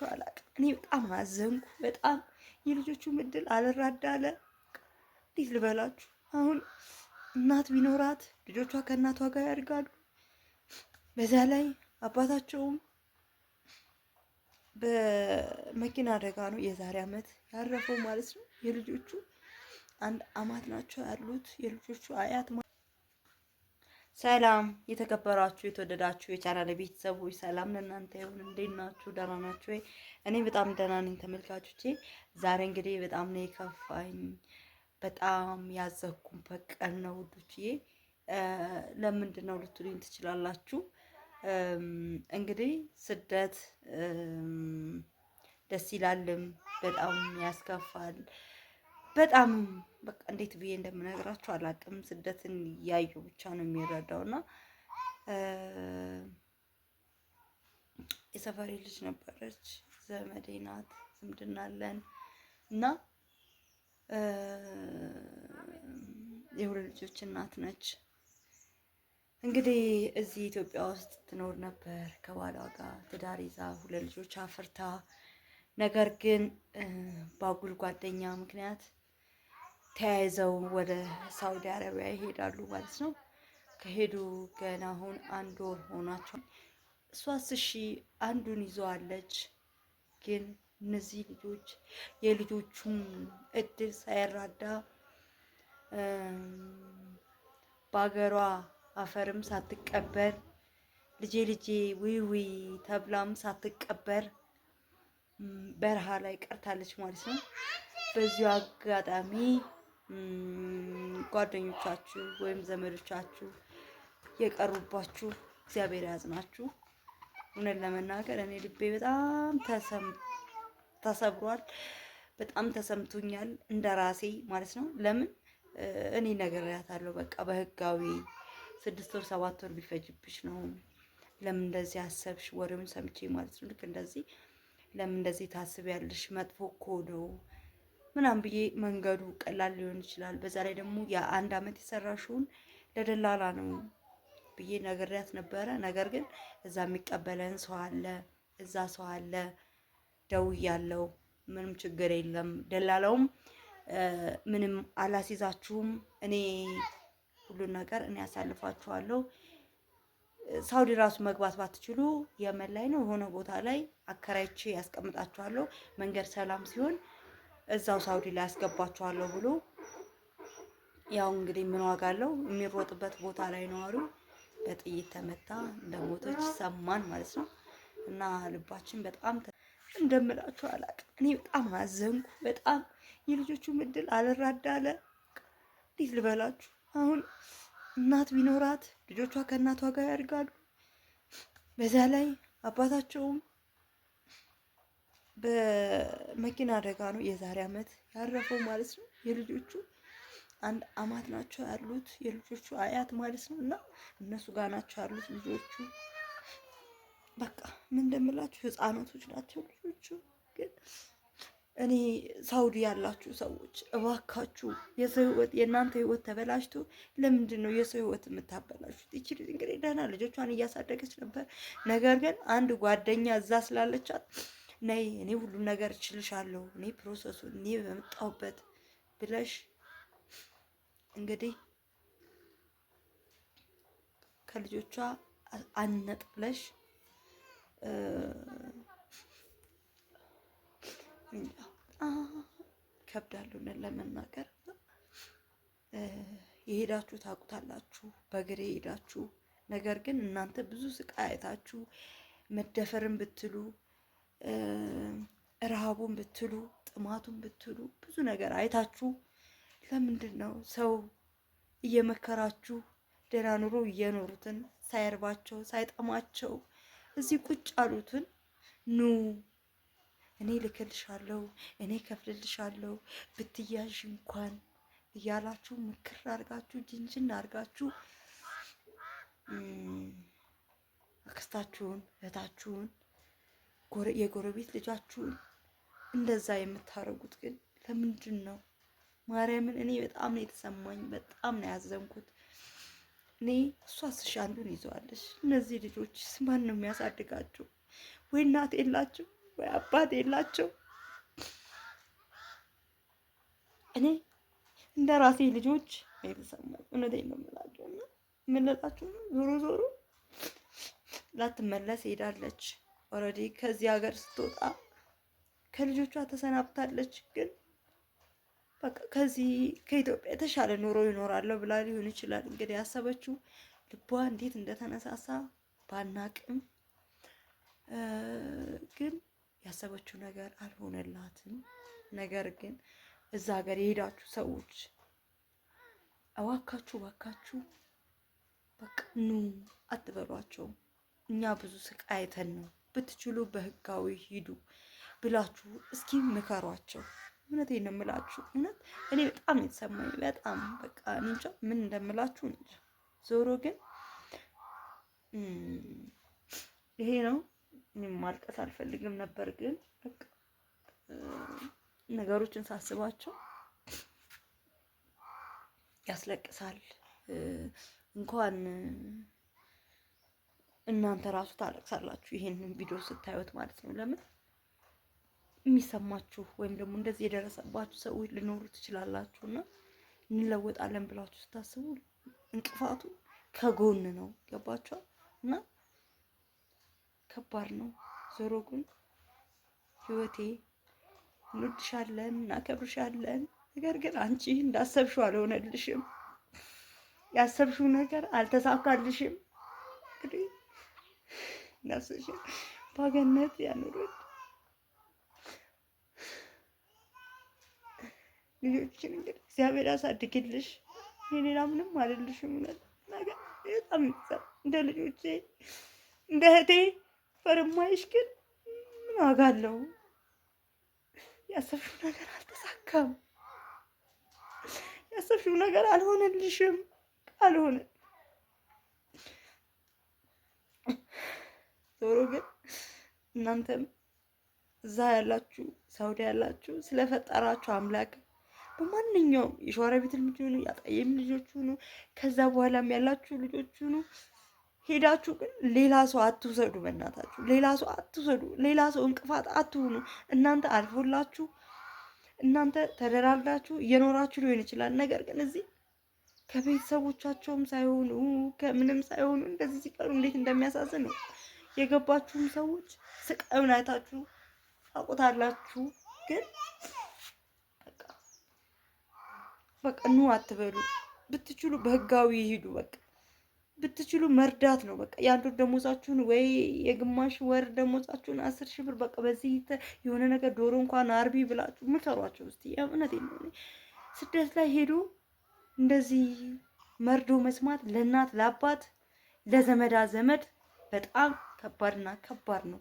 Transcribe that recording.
ብላችሁ አላውቅም። እኔ በጣም አዘንኩ። በጣም የልጆቹ ምድል አልራዳ አለ። እንዴት ልበላችሁ? አሁን እናት ቢኖራት ልጆቿ ከእናቷ ጋር ያድጋሉ። በዛ ላይ አባታቸውም በመኪና አደጋ ነው የዛሬ ዓመት ያረፈው ማለት ነው። የልጆቹ አንድ አማት ናቸው ያሉት የልጆቹ አያት ሰላም የተከበራችሁ የተወደዳችሁ የቻናል ቤተሰቦች፣ ሰላም ለእናንተ ይሁን። እንዴት ናችሁ? ደህና ናችሁ? እኔ በጣም ደህና ነኝ ተመልካቾቼ። ዛሬ እንግዲህ በጣም ነው የከፋኝ፣ በጣም ያዘኩም በቀል ነው ውዶችዬ። ለምንድን ነው ልትሉኝ ትችላላችሁ። እንግዲህ ስደት ደስ ይላልም በጣም ያስከፋል። በጣም በቃ እንዴት ብዬ እንደምነግራችሁ አላቅም። ስደትን እያዩ ብቻ ነው የሚረዳው እና የሰፈሪ ልጅ ነበረች፣ ዘመዴ ናት፣ ዝምድና አለን እና የሁለት ልጆች እናት ነች። እንግዲህ እዚህ ኢትዮጵያ ውስጥ ትኖር ነበር ከባሏ ጋር ትዳር ይዛ ሁለት ልጆች አፍርታ ነገር ግን በአጉል ጓደኛ ምክንያት ተያይዘው ወደ ሳውዲ አረቢያ ይሄዳሉ ማለት ነው። ከሄዱ ገና አሁን አንድ ወር ሆኗቸዋል። እሷስ እሺ አንዱን ይዘዋለች። ግን እነዚህ ልጆች የልጆቹም እድል ሳይራዳ በሀገሯ አፈርም ሳትቀበር ልጄ ልጄ ውይ ውይ ተብላም ሳትቀበር በረሃ ላይ ቀርታለች ማለት ነው። በዚሁ አጋጣሚ ጓደኞቻችሁ ወይም ዘመዶቻችሁ የቀሩባችሁ እግዚአብሔር ያዝናችሁ። እውነት ለመናገር እኔ ልቤ በጣም ተሰብሯል፣ በጣም ተሰምቶኛል እንደ ራሴ ማለት ነው። ለምን እኔ ነግሬያታለሁ። በቃ በህጋዊ ስድስት ወር ሰባት ወር ቢፈጅብሽ ነው ለምን እንደዚህ አሰብሽ? ወሬውን ሰምቼ ማለት ነው። ልክ እንደዚህ ለምን እንደዚህ ታስቢያለሽ? መጥፎ እኮ ነው ምናምን ብዬ መንገዱ ቀላል ሊሆን ይችላል። በዛ ላይ ደግሞ የአንድ አመት የሰራሽውን ለደላላ ነው ብዬ ነግሬያት ነበረ። ነገር ግን እዛ የሚቀበለን ሰው አለ፣ እዛ ሰው አለ፣ ደውያለው። ምንም ችግር የለም። ደላላውም ምንም አላስይዛችሁም፣ እኔ ሁሉን ነገር እኔ አሳልፋችኋለሁ። ሳውዲ ራሱ መግባት ባትችሉ የመን ላይ ነው የሆነ ቦታ ላይ አከራይቼ ያስቀምጣችኋለሁ። መንገድ ሰላም ሲሆን እዛው ሳውዲ ላይ ያስገባችኋለሁ ብሎ ያው እንግዲህ ምን ዋጋ አለው? የሚሮጥበት ቦታ ላይ ነዋሪው በጥይት ተመታ እንደሞተች ሰማን ማለት ነው። እና ልባችን በጣም እንደምላችሁ አላውቅም። እኔ በጣም አዘንኩ። በጣም የልጆቹ ምድል አልራዳለ አለ። እንዴት ልበላችሁ? አሁን እናት ቢኖራት ልጆቿ ከእናቷ ጋር ያድጋሉ። በዛ ላይ አባታቸውም በመኪና አደጋ ነው የዛሬ አመት ያረፈው ማለት ነው። የልጆቹ አንድ አማት ናቸው ያሉት የልጆቹ አያት ማለት ነው። እና እነሱ ጋር ናቸው ያሉት ልጆቹ። በቃ ምን እንደምላችሁ ህፃናቶች ናቸው ልጆቹ። ግን እኔ ሳውዲ ያላችሁ ሰዎች እባካችሁ የሰው ህይወት የእናንተ ህይወት ተበላሽቶ ለምንድን ነው የሰው ህይወት የምታበላሹት? ይችል እንግዲህ ደህና ልጆቿን እያሳደገች ነበር። ነገር ግን አንድ ጓደኛ እዛ ስላለቻት ነይ እኔ ሁሉም ነገር እችልሻለሁ፣ እኔ ፕሮሰሱ እኔ በመጣሁበት ብለሽ እንግዲህ ከልጆቿ ብለሽ ከብዳሉ ለመናገር የሄዳችሁ ታውቁታላችሁ፣ በግሬ የሄዳችሁ ነገር ግን እናንተ ብዙ ስቃይ አይታችሁ መደፈርን ብትሉ ረሃቡን ብትሉ ጥማቱን ብትሉ ብዙ ነገር አይታችሁ ለምንድን ነው ሰው እየመከራችሁ ደህና ኑሮ እየኖሩትን ሳይርባቸው ሳይጠማቸው እዚህ ቁጭ አሉትን ኑ እኔ ልክልሻለሁ እኔ ከፍልልሻለሁ ብትያዥ እንኳን እያላችሁ ምክር አድርጋችሁ ጅንጅን አድርጋችሁ አክስታችሁን እህታችሁን የጎረቤት ልጃችሁን እንደዛ የምታደርጉት ግን ለምንድን ነው? ማርያምን እኔ በጣም ነው የተሰማኝ፣ በጣም ነው ያዘንኩት። እኔ እሷ ስሽ አንዱን ይዘዋለች። እነዚህ ልጆች ማን ነው የሚያሳድጋቸው? ወይ እናት የላቸው ወይ አባት የላቸው። እኔ እንደ ራሴ ልጆች የተሰማኝ እውነቴን ነው የምላቸው። የምንላቸው ዞሮ ዞሮ ላትመለስ ሄዳለች። ኦልሬዲ ከዚህ ሀገር ስትወጣ ከልጆቿ ተሰናብታለች። ግን በቃ ከዚህ ከኢትዮጵያ የተሻለ ኑሮ ይኖራለሁ ብላ ሊሆን ይችላል እንግዲህ ያሰበችው። ልቧ እንዴት እንደተነሳሳ ባናቅም ግን ያሰበችው ነገር አልሆነላትም። ነገር ግን እዛ ሀገር የሄዳችሁ ሰዎች እባካችሁ እባካችሁ በቃ ኑ አትበሏቸው። እኛ ብዙ ስቃይ አይተን ነው ብትችሉ በህጋዊ ሂዱ ብላችሁ እስኪ ምከሯቸው። እውነት ነው የምላችሁ። እውነት እኔ በጣም የተሰማኝ በጣም በቃ እንጃ ምን እንደምላችሁ እንጃ። ዞሮ ግን ይሄ ነው። እኔም ማልቀስ አልፈልግም ነበር፣ ግን በቃ ነገሮችን ሳስባቸው ያስለቅሳል እንኳን እናንተ ራሱ ታለቅሳላችሁ ይሄንን ቪዲዮ ስታዩት ማለት ነው። ለምን የሚሰማችሁ ወይም ደግሞ እንደዚህ የደረሰባችሁ ሰዎች ልኖሩ ትችላላችሁ እና እንለወጣለን ብላችሁ ስታስቡ እንቅፋቱ ከጎን ነው። ገባችኋል? እና ከባድ ነው። ዞሮ ግን ህይወቴ እንወድሻለን፣ እናከብርሻለን። ነገር ግን አንቺ እንዳሰብሽው አልሆነልሽም። ያሰብሽው ነገር አልተሳካልሽም እንግዲህ ነፍስሽን ባገነት ያኑሩት። ልጆችን እንግዲህ እግዚአብሔር ያሳድግልሽ። የሌላ ምንም አይደልሽም። እውነት ነገር በጣም እንደ ልጆቼ እንደ እህቴ ፈርማይሽ ግን ምን ዋጋ አለው? ያሰብሽው ነገር አልተሳካም። ያሰብሽው ነገር አልሆነልሽም። አልሆነ ዞሮ ግን እናንተም እዛ ያላችሁ ሳውዲ ያላችሁ ስለፈጠራችሁ አምላክ በማንኛውም የሸዋራ ቤት ልጆች ሁኑ፣ የአጣየም ልጆች ሁኑ፣ ከዛ በኋላም ያላችሁ ልጆች ሁኑ። ሄዳችሁ ግን ሌላ ሰው አትውሰዱ፣ በእናታችሁ ሌላ ሰው አትውሰዱ፣ ሌላ ሰው እንቅፋት አትሁኑ። እናንተ አልፎላችሁ እናንተ ተደራርዳችሁ እየኖራችሁ ሊሆን ይችላል። ነገር ግን እዚህ ከቤተሰቦቻቸውም ሳይሆኑ ከምንም ሳይሆኑ እንደዚህ ሲቀሩ እንዴት እንደሚያሳዝን ነው። የገባችሁም ሰዎች ስቃዩን አይታችሁ አቁታላችሁ። ግን በቃ በቃ ኑ አትበሉ። ብትችሉ በህጋዊ ይሄዱ። በቃ ብትችሉ መርዳት ነው። በቃ የአንዱ ደሞዛችሁን ወይ የግማሽ ወር ደሞዛችሁን አስር ሺህ ብር በቃ በዚህ የሆነ ነገር ዶሮ እንኳን አርቢ ብላችሁ ምከሯቸው እስቲ። እውነት ስደት ላይ ሄዱ እንደዚህ መርዶ መስማት ለእናት ለአባት ለዘመዳ ዘመድ በጣም ከባድና ከባድ ነው።